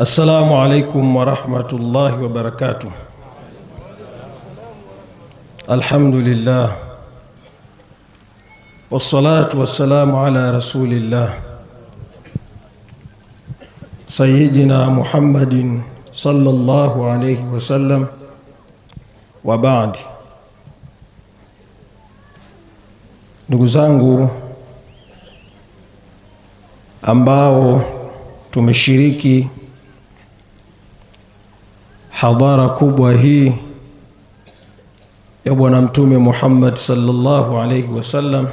Assalamu alaikum warahmatullahi wabarakatuh. Alhamdulillah wassalatu wassalamu ala rasulillah sayyidina Muhammadin sallallahu alayhi wasallam wa baad. Ndugu zangu ambao tumeshiriki hadhara kubwa hii ya Bwana Mtume Muhammad sallallahu alayhi wasallam,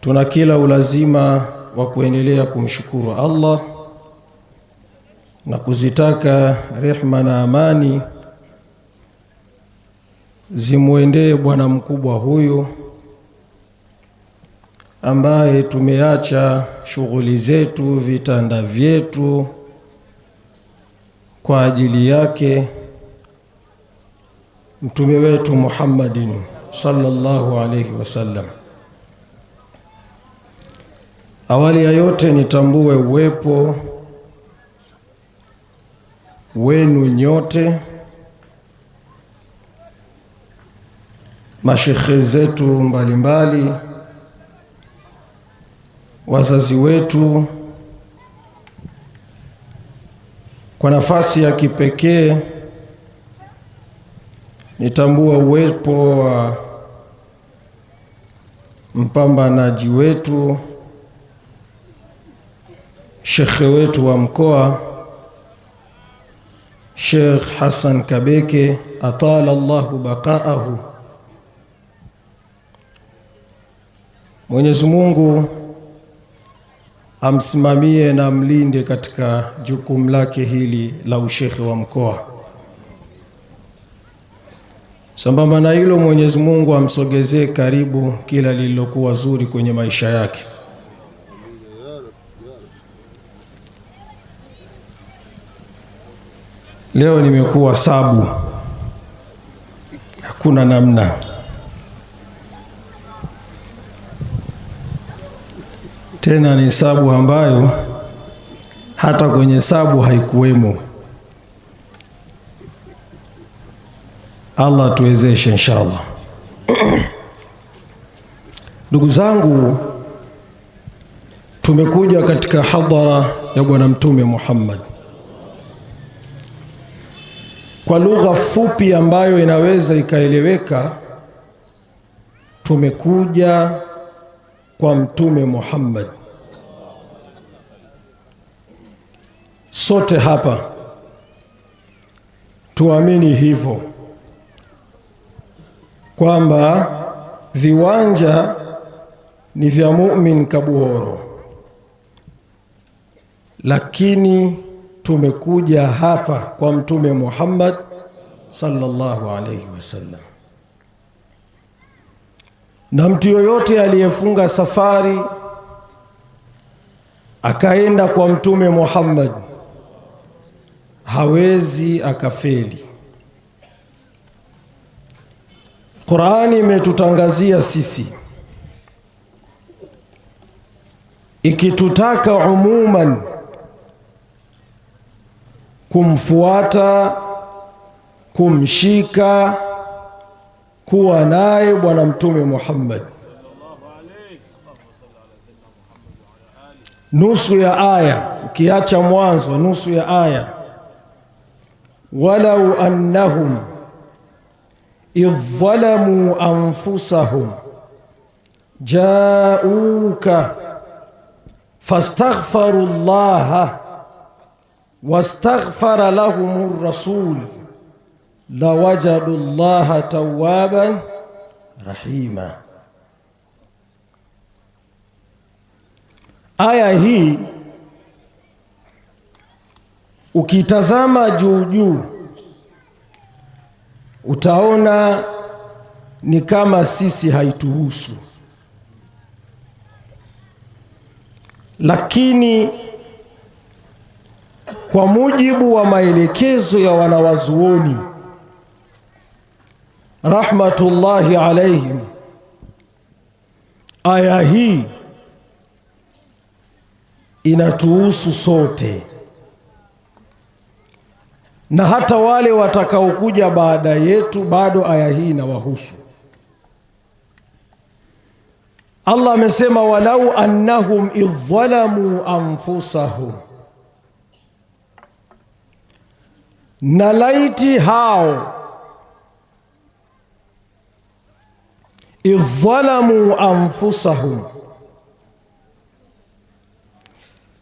tuna kila ulazima wa kuendelea kumshukuru Allah na kuzitaka rehma na amani zimwendee bwana mkubwa huyu ambaye tumeacha shughuli zetu, vitanda vyetu kwa ajili yake mtume wetu Muhammadin sallallahu alayhi wasallam. Awali ya yote nitambue uwepo wenu nyote, mashekhe zetu mbalimbali, wazazi wetu Kwa nafasi ya kipekee nitambua uwepo wa mpambanaji wetu, shekhe wetu wa mkoa Sheikh Hassan Kabeke atala Allahu baqaahu. Mwenyezi Mungu amsimamie na mlinde katika jukumu lake hili la ushekhe wa mkoa. Sambamba na hilo, Mwenyezi Mungu amsogezee karibu kila lililokuwa zuri kwenye maisha yake. Leo nimekuwa sabu, hakuna namna Tena ni sabu ambayo hata kwenye sabu haikuwemo. Allah tuwezeshe inshallah. Ndugu zangu, tumekuja katika hadhara ya Bwana Mtume Muhammad kwa lugha fupi ambayo inaweza ikaeleweka, tumekuja kwa Mtume Muhammad. Sote hapa tuamini hivyo kwamba viwanja ni vya mumin kabuhoro, lakini tumekuja hapa kwa Mtume Muhammad sallallahu alaihi wasallam na mtu yoyote aliyefunga safari akaenda kwa Mtume Muhammad hawezi akafeli. Qur'ani imetutangazia sisi ikitutaka umuman kumfuata, kumshika kuwa naye Bwana Mtume Muhammad. Nusu ya aya ukiacha mwanzo, nusu ya aya, walau annahum idh anfusahum jauka fastaghfaru llaha wastaghfara lahum rasul lawajadu llaha tawaban rahima. Aya hii ukitazama juu juu utaona ni kama sisi haituhusu, lakini kwa mujibu wa maelekezo ya wanawazuoni rahmatullahi alaihim. Aya hii inatuhusu sote na hata wale watakaokuja baada yetu, bado aya hii inawahusu. Allah amesema, walau annahum idh anfusahum, na laiti hao idhalamu anfusahum,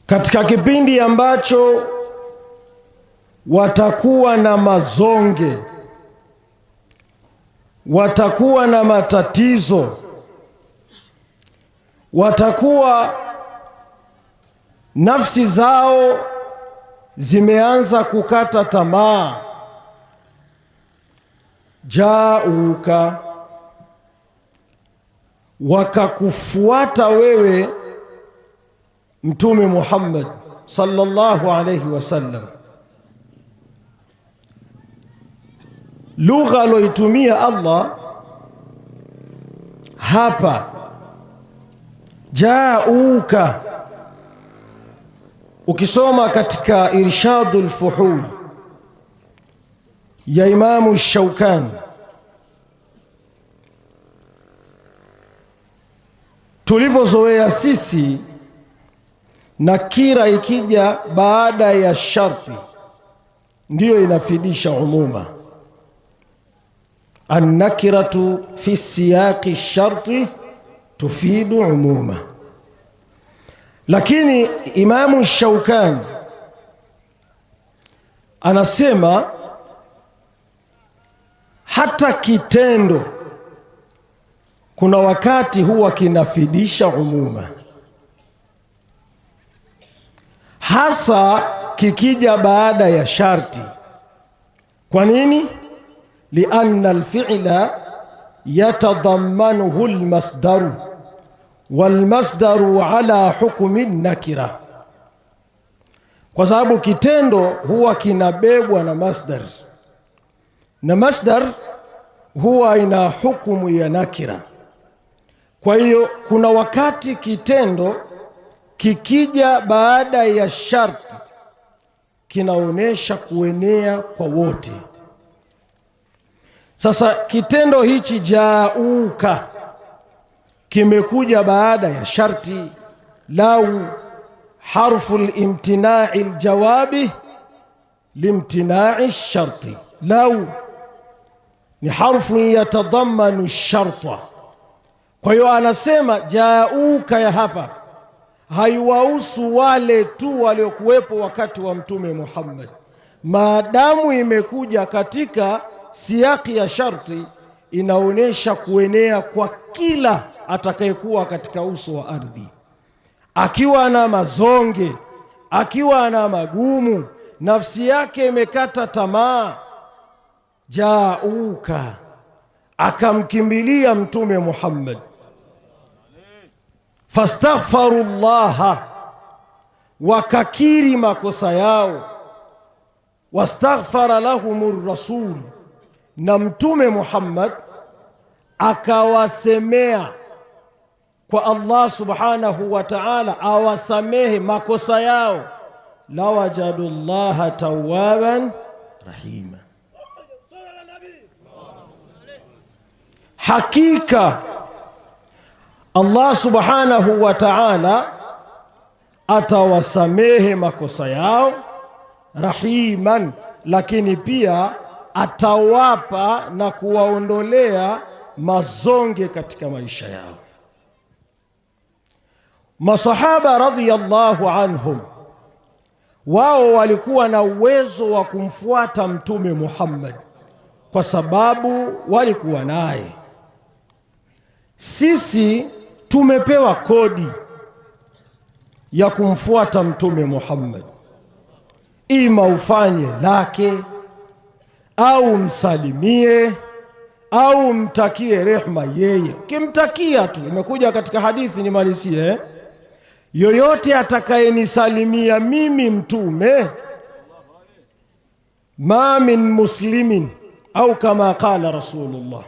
katika kipindi ambacho watakuwa na mazonge, watakuwa na matatizo, watakuwa nafsi zao zimeanza kukata tamaa. Jauka wakakufuata wewe Mtume Muhammad sallallahu alayhi wasallam. Lugha aloitumia Allah hapa, jauka, ukisoma katika Irshadul Fuhul ya Imamu Shaukani tulivyozoea sisi, nakira ikija baada ya sharti ndiyo inafidisha umuma. Annakiratu fi siyaqi sharti tufidu umuma. Lakini Imamu Shaukani anasema hata kitendo kuna wakati huwa kinafidisha umuma, hasa kikija baada ya sharti. Kwa nini? lianna alfi'la yatadammanuhu almasdaru walmasdaru ala hukmi nakira, kwa sababu kitendo huwa kinabebwa na masdar na masdar huwa ina hukumu ya nakira. Kwa hiyo kuna wakati kitendo kikija baada ya sharti kinaonyesha kuenea kwa wote. Sasa kitendo hichi jauka kimekuja baada ya sharti lau harfu limtinai ljawabi limtinai sharti lau ni harfu yatadhamanu sharta kwa hiyo anasema jauka ya hapa haiwahusu wale tu waliokuwepo wakati wa Mtume Muhammad, maadamu imekuja katika siaki ya sharti, inaonyesha kuenea kwa kila atakayekuwa katika uso wa ardhi, akiwa ana mazonge, akiwa ana magumu, nafsi yake imekata tamaa, jauka akamkimbilia Mtume Muhammad fastaghfaru llaha, wakakiri makosa yao. Wastaghfara lahum rasul, na Mtume Muhammad akawasemea kwa Allah subhanahu wa ta'ala, awasamehe makosa yao. Lawajadu llaha tawaban rahima, hakika Allah subhanahu wa ta'ala atawasamehe makosa yao rahiman, lakini pia atawapa na kuwaondolea mazonge katika maisha yao. Masahaba radhiyallahu anhum, wao walikuwa na uwezo wa kumfuata Mtume Muhammad kwa sababu walikuwa naye. Sisi tumepewa kodi ya kumfuata Mtume Muhammad, ima ufanye lake au msalimie au mtakie rehma yeye. Ukimtakia tu, imekuja katika hadithi, nimalizie eh? Yoyote atakayenisalimia mimi mtume, ma min muslimin au kama qala Rasulullah,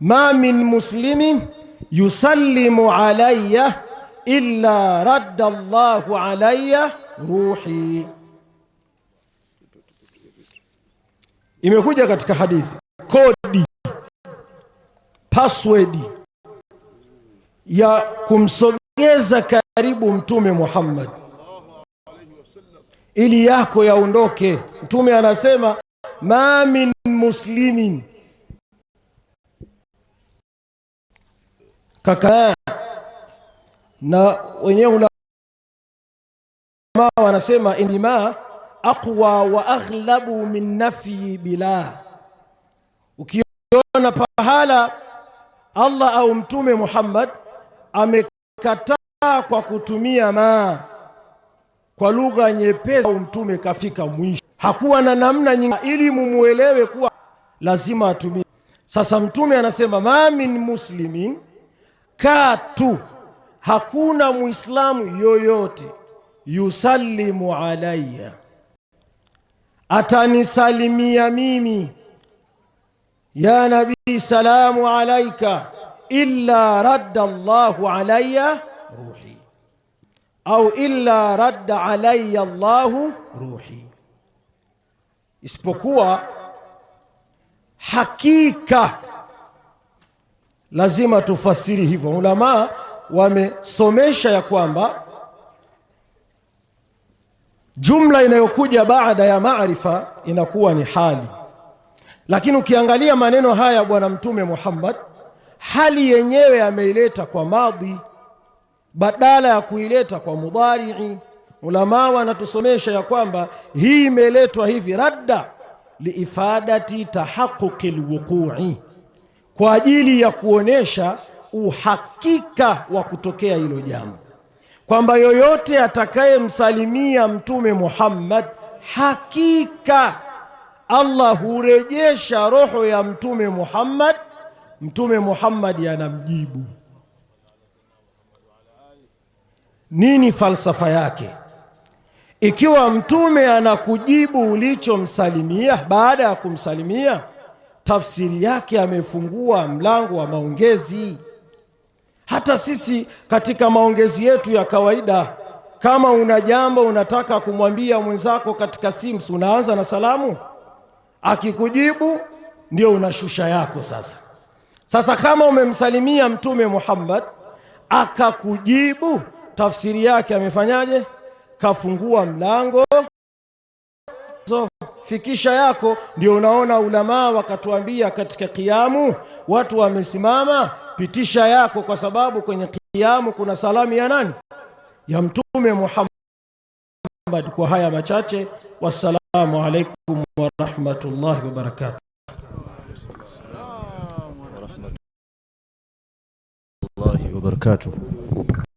ma min muslimin yusallimu alayya illa radda llahu alayya ruhi. Imekuja katika hadithi kodi password ya kumsogeza karibu Mtume Muhammad ili yako yaondoke. Mtume anasema ma min muslimin kaka na wenyewe wanasema indima aqwa wa aghlabu min nafyi bila. Ukiona pahala Allah au Mtume Muhammad amekataa kwa kutumia ma kwa lugha nyepesi, au mtume kafika mwisho, hakuwa na namna nyingine ili mumuelewe kuwa lazima atumie. Sasa mtume anasema ma min muslimin kaa tu, hakuna muislamu yoyote yusallimu alayya, atanisalimia mimi, ya nabii, salamu alaika, illa radda Allahu alayya ruhi au illa radda alayya Allahu ruhi, isipokuwa hakika Lazima tufasiri hivyo. Ulamaa wamesomesha ya kwamba jumla inayokuja baada ya maarifa inakuwa ni hali, lakini ukiangalia maneno haya Bwana Mtume Muhammad, hali yenyewe ameileta kwa madhi badala ya kuileta kwa mudharii. Ulamaa wanatusomesha ya kwamba hii imeletwa hivi radda liifadati tahaquqi lwuqui kwa ajili ya kuonesha uhakika wa kutokea hilo jambo, kwamba yoyote atakayemsalimia Mtume Muhammad hakika Allah hurejesha roho ya Mtume Muhammad, Mtume Muhammad anamjibu. Nini falsafa yake? Ikiwa mtume anakujibu ulichomsalimia baada ya kumsalimia tafsiri yake amefungua mlango wa maongezi. Hata sisi katika maongezi yetu ya kawaida, kama una jambo unataka kumwambia mwenzako katika simu, unaanza na salamu, akikujibu ndio unashusha yako. Sasa sasa, kama umemsalimia Mtume Muhammad akakujibu, tafsiri yake amefanyaje? Kafungua mlango So, fikisha yako ndio unaona ulamaa wakatuambia katika kiamu watu wamesimama, pitisha yako, kwa sababu kwenye kiamu kuna salamu ya nani? Ya Mtume Muhammad. Kwa haya machache, wassalamu alaikum warahmatullahi rahmatullahi wa barakatuh.